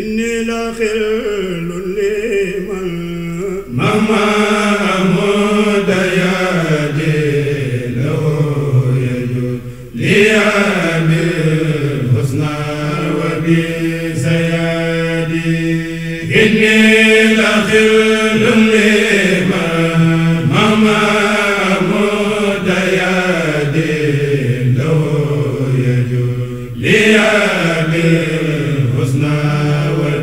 inni la xel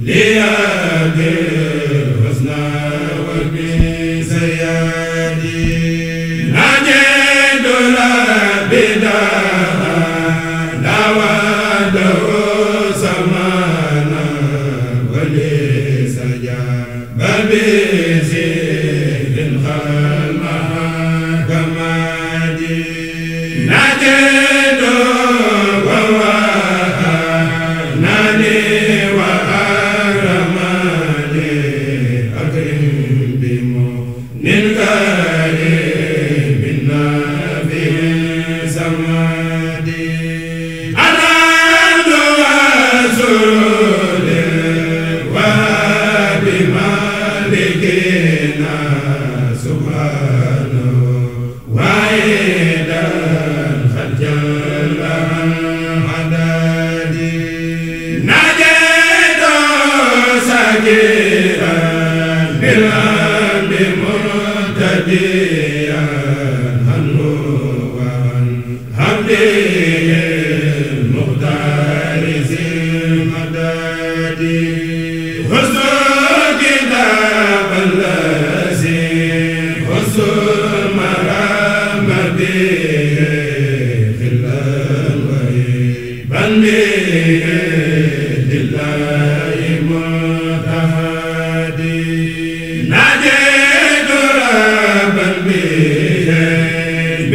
li agi an bila bi muntadi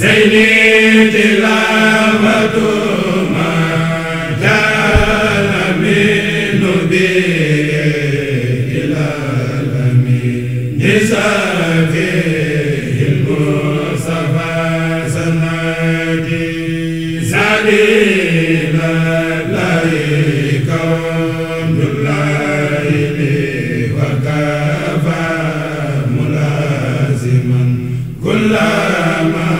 زيني تلاوة ما جال من نبي إلى الأمين نسافيه المصطفى سنادي زليل ليك عبد الله وكفى ملازما كل ما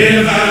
léegi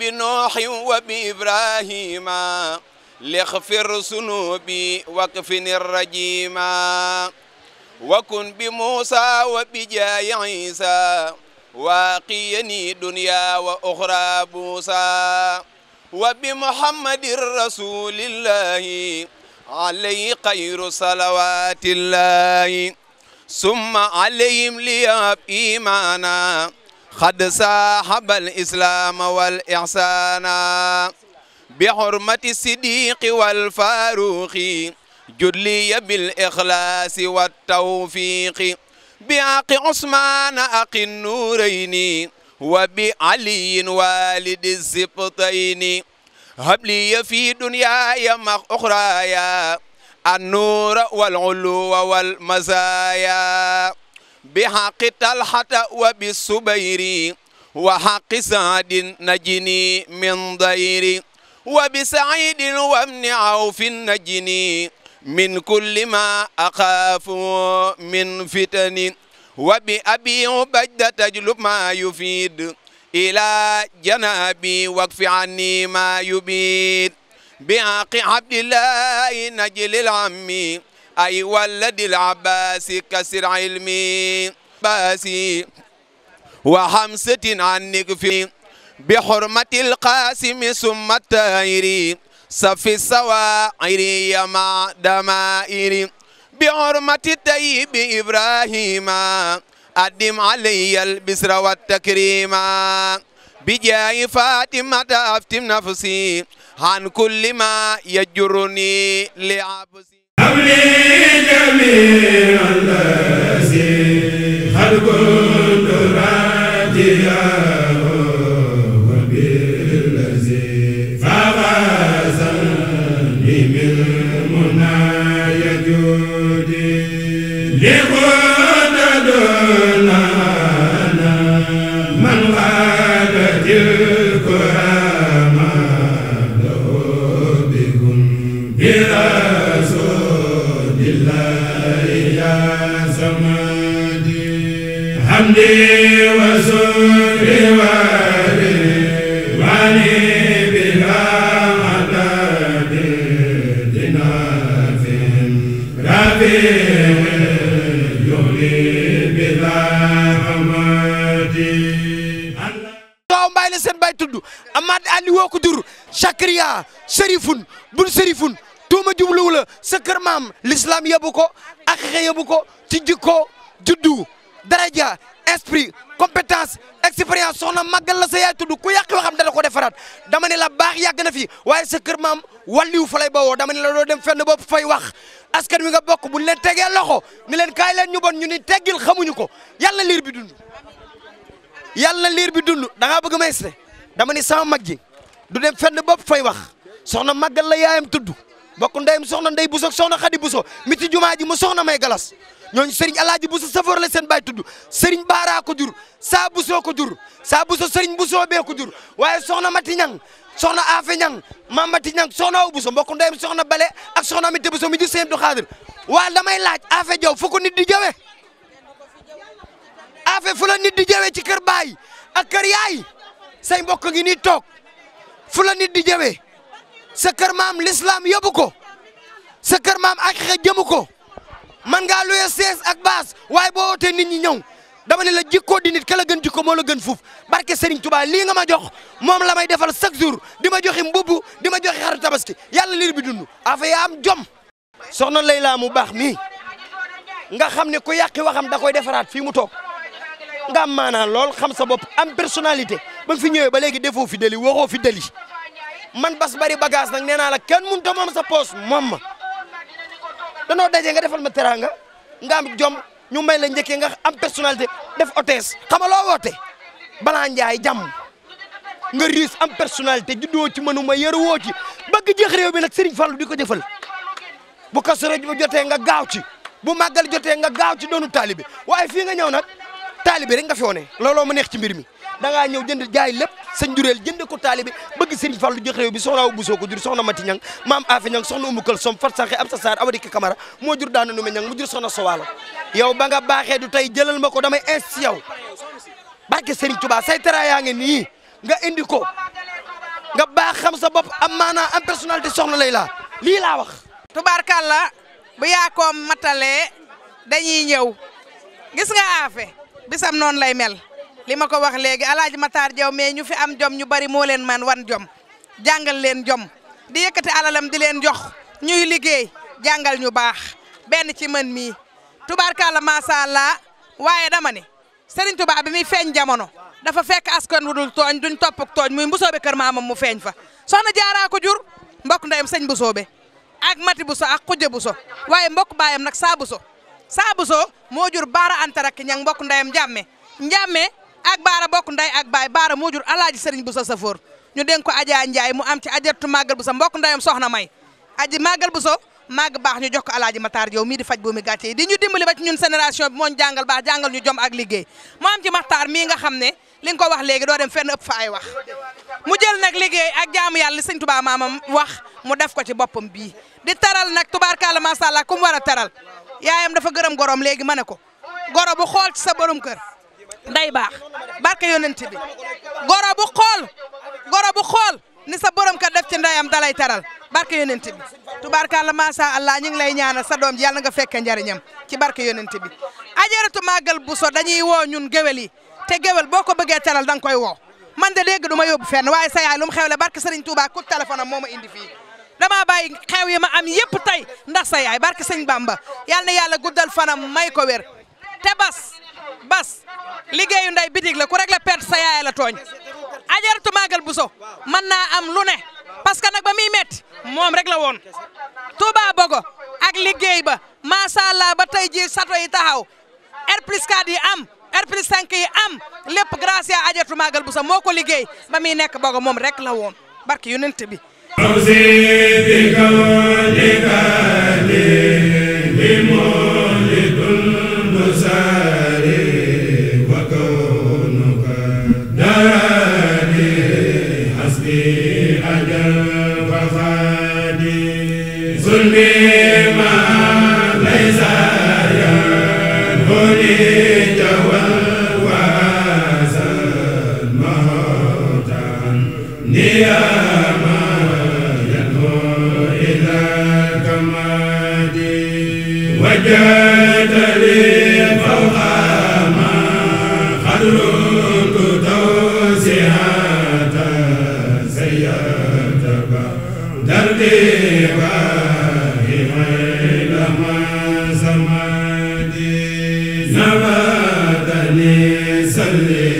بنوح وبإبراهيم لغفر سنوبي وكفني الرجيم وكن بموسى وبجاي عيسى واقيني دنيا وأخرى بوسى وبمحمد رسول الله عليه خير صلوات الله ثم عليهم ليهب إيمانا قد صاحب الإسلام والإحسان بحرمة الصديق والفاروق جلي بالإخلاص والتوفيق بحق عثمان أقي النورين وبعلي والد الزبطين هب لي في دنياي مع أخرايا النور والعلو والمزايا بحق طلحة وبالسبير وحق سعد نجني من ضير وبسعيد وابن عوف نجني من كل ما أخاف من فتن وبأبي عبيدة تجلب ما يفيد إلى جنابي واكف عني ما يبيد بعق عبد الله نجل العمي أي ولد العباس كسر علمي باسي وحمسة عنك في بحرمة القاسم ثم التائري صف السواعر مع دمائر بحرمة الطيب إبراهيم أدم علي البسر والتكريم بجاه فاطمة أفتم نفسي عن كل ما يجرني لعبسي أملي جميع الذي خلق الدراسي seen bay tudd Amad Ali woo ko jur Sakariya Serifun bun Serifun ma jubluwu la sa kër mam l'islam yebu ko ak xëy yóbbu ko ci jikko juddu daraja esprit compétence expérience na màggal la sa yaay tudd ku yàq am dana ko defaraat dama ne la baax yàgg na fi waaye sa kër maam wàlliwu fa lay bawoo dama ne la doo dem fenn bopp fay wax askan wi nga bokk buñ leen tegee loxo ni leen kaay leen ñu bon ñu ni teggil xamuñu ko yàlla liir bi dund yàlla liir bi dund da ngaa bëgg maestre dama ni sama mag ji du dem fenn bopp fay wax soxna màggal la yaayam tudd bokk ndeyam soxna ndey buso soxna xadi buso mi ci jumaa ji mu soxna may galas ñooñu sëriñ alaaji buso safoor la seen baay tudd sëriñ baaraa ko jur saa busoo ko jur saa buso sëriñ busoo bee ko jur waaye soxna mati ñang soxna aafe ñang mamati ñang soxna aw buso mbokk ndeyam soxna bale ak soxna mi te buso mi jur seen du xaadir waa damay laaj aafe jaw fu ko nit di jawe aafe fu la nit di jawe ci kër ak kër yaay mbokk ngi nii toog fu la di jawe sa kër maam lislaam yóbbu ko sa kër maam aqiqa jëmu ko man nga luye sees ak baas waaye boo wootee nit ñi ñëw dama ne la jikkoo di nit ka gën jikko moo la gën fuuf barke Serigne Touba lii nga ma jox moom la may defal chaque jour di ma joxe mbubb di ma joxe xaru tabaski yàlla liir bi dund afa yaa am jom soxna Layla mu baax mii nga xam ne ku yàqi waxam da koy defaraat fii mu toog nga am maanaa lool xam sa bopp am personnalité ba nga fi ñëwee ba léegi defoo fi deli waxoo fi deli man bas bari bagage nag nee naa la kenn mënut a moom sa poos moom ma danoo daje nga defal ma teraanga nga am jom ñu may la njëkkee nga am personnalité def hôtesse xam nga loo woote balaa njaay jàmm nga riis am personnalité juddoo ci ma yëru woo ci bëgg jeex réew bi nag Serigne fal di ko jëfal bu Kazu Rajab bu jotee nga gaaw ci bu màggal jotee nga gaaw ci doonu taalibe waaye fii nga ñëw nag taalibe rek nga fi looloo ma neex ci mbir mi da ngaa ñëw jënd jaay lépp sa njureel jënd ko taalibe bëgg Serigne Fallou lu réew bi soxna Awa Bousso ko jur soxna Mati Ñang maam Afe Ñang soxna Umu Kalsom sa Sanxe Absa Sarr Abadika Camara moo jur daana nume Ñang mu jur soxna Sowaalo yow ba nga baaxee du tey jëlal ma ko damay insi yow barke Serigne Touba say tera yaa ngi nii nga indi ko nga baax xam sa bopp am maanaa am personnalité soxna lay laa lii laa wax tubaarkàlla bu yaakoom matalee dañuy ñëw gis nga Afe bisam noonu lay mel li ma ko wax léegi alaaji mataar Jaw mais ñu fi am jom ñu bari moo leen man wan jom jàngal leen jom di yëkkati alalam di leen jox ñuy liggéey jàngal ñu baax benn ci mën mii tubaarkalla macha allah waaye dama ne Serigne Touba bi muy feeñ jamono dafa fekk askan wu dul tooñ duñ topp ak tooñ muy mbusoobe kër maamam mu feeñ fa soxna jaaraa ko jur mbokk ndeyam sëñ mbusoobe ak mati buso ak xujje buso waaye mbokk baayam nag saa buso saa buso moo jur baara antara ki mbokk ndeyam njàmme njàmme ak baara bokk nday ak baay baara moo jur alaaji sëriñ bu sa safoor ñu dénk ko Adja Ndiaye mu am ci ajartu màggal bu sa mbokk ndayam soxna may aj màggal bu so màgg baax ñu jox ko alaaji Matar yow mii di faj boobu gàcce yi di ñu dimbali ba ñu ñun génération bi moo ñu jàngal baax jàngal ñu jom ak liggéey mu am ci Matar mii nga xam ne li nga ko wax léegi doo dem fenn ëpp fa wax mu jël nag liggéey ak jaam yàlla li sëñ Tuubaa maamam wax mu def ko ci boppam bii di taral nag tubaarkàlla maasàllaa ku mu war a taral yaayam dafa gërëm gorom léegi ma ne ko goro bu xool sa borom kër day baax barke yonent bi goro bu xool goro bu xool ni sa borom kat def ci ndeyam dalay taral barke yonent bi tubaarkàlla maasa allah ñu ngi lay ñaanal sa doom ji yàlla nga fekke njariñam ci barke yonent bi ajaratu màggal buso dañuy woo ñun géwél yi te géwél boo ko bëggee taral da nga koy woo man de dégg du yóbbu fenn waaye sa yaay lu mu xewle barke sëriñ Touba ku téléphone am moo ma indi fii damaa bàyyi xew yi ma am yëpp tey ndax sa yaay barke sëñ Bamba yàlla na yàlla guddal fanam may ko wér bas liggéeyu nday bitig la ku rek la perte sa yaay la tooñ ajaratu màggal buso mën naa am lu ne parce que nag ba muy metti moom rek la woon Touba Bogo ak liggéey ba macha allah ba tey ji sato yi taxaw R plus 4 yi am R plus am lépp grâce à ajaratu buso moo ko liggéey ba muy nekk Bogo moom rek la woon barki yonent bi أوزي بكونك للمؤمنين wajjal namadani salli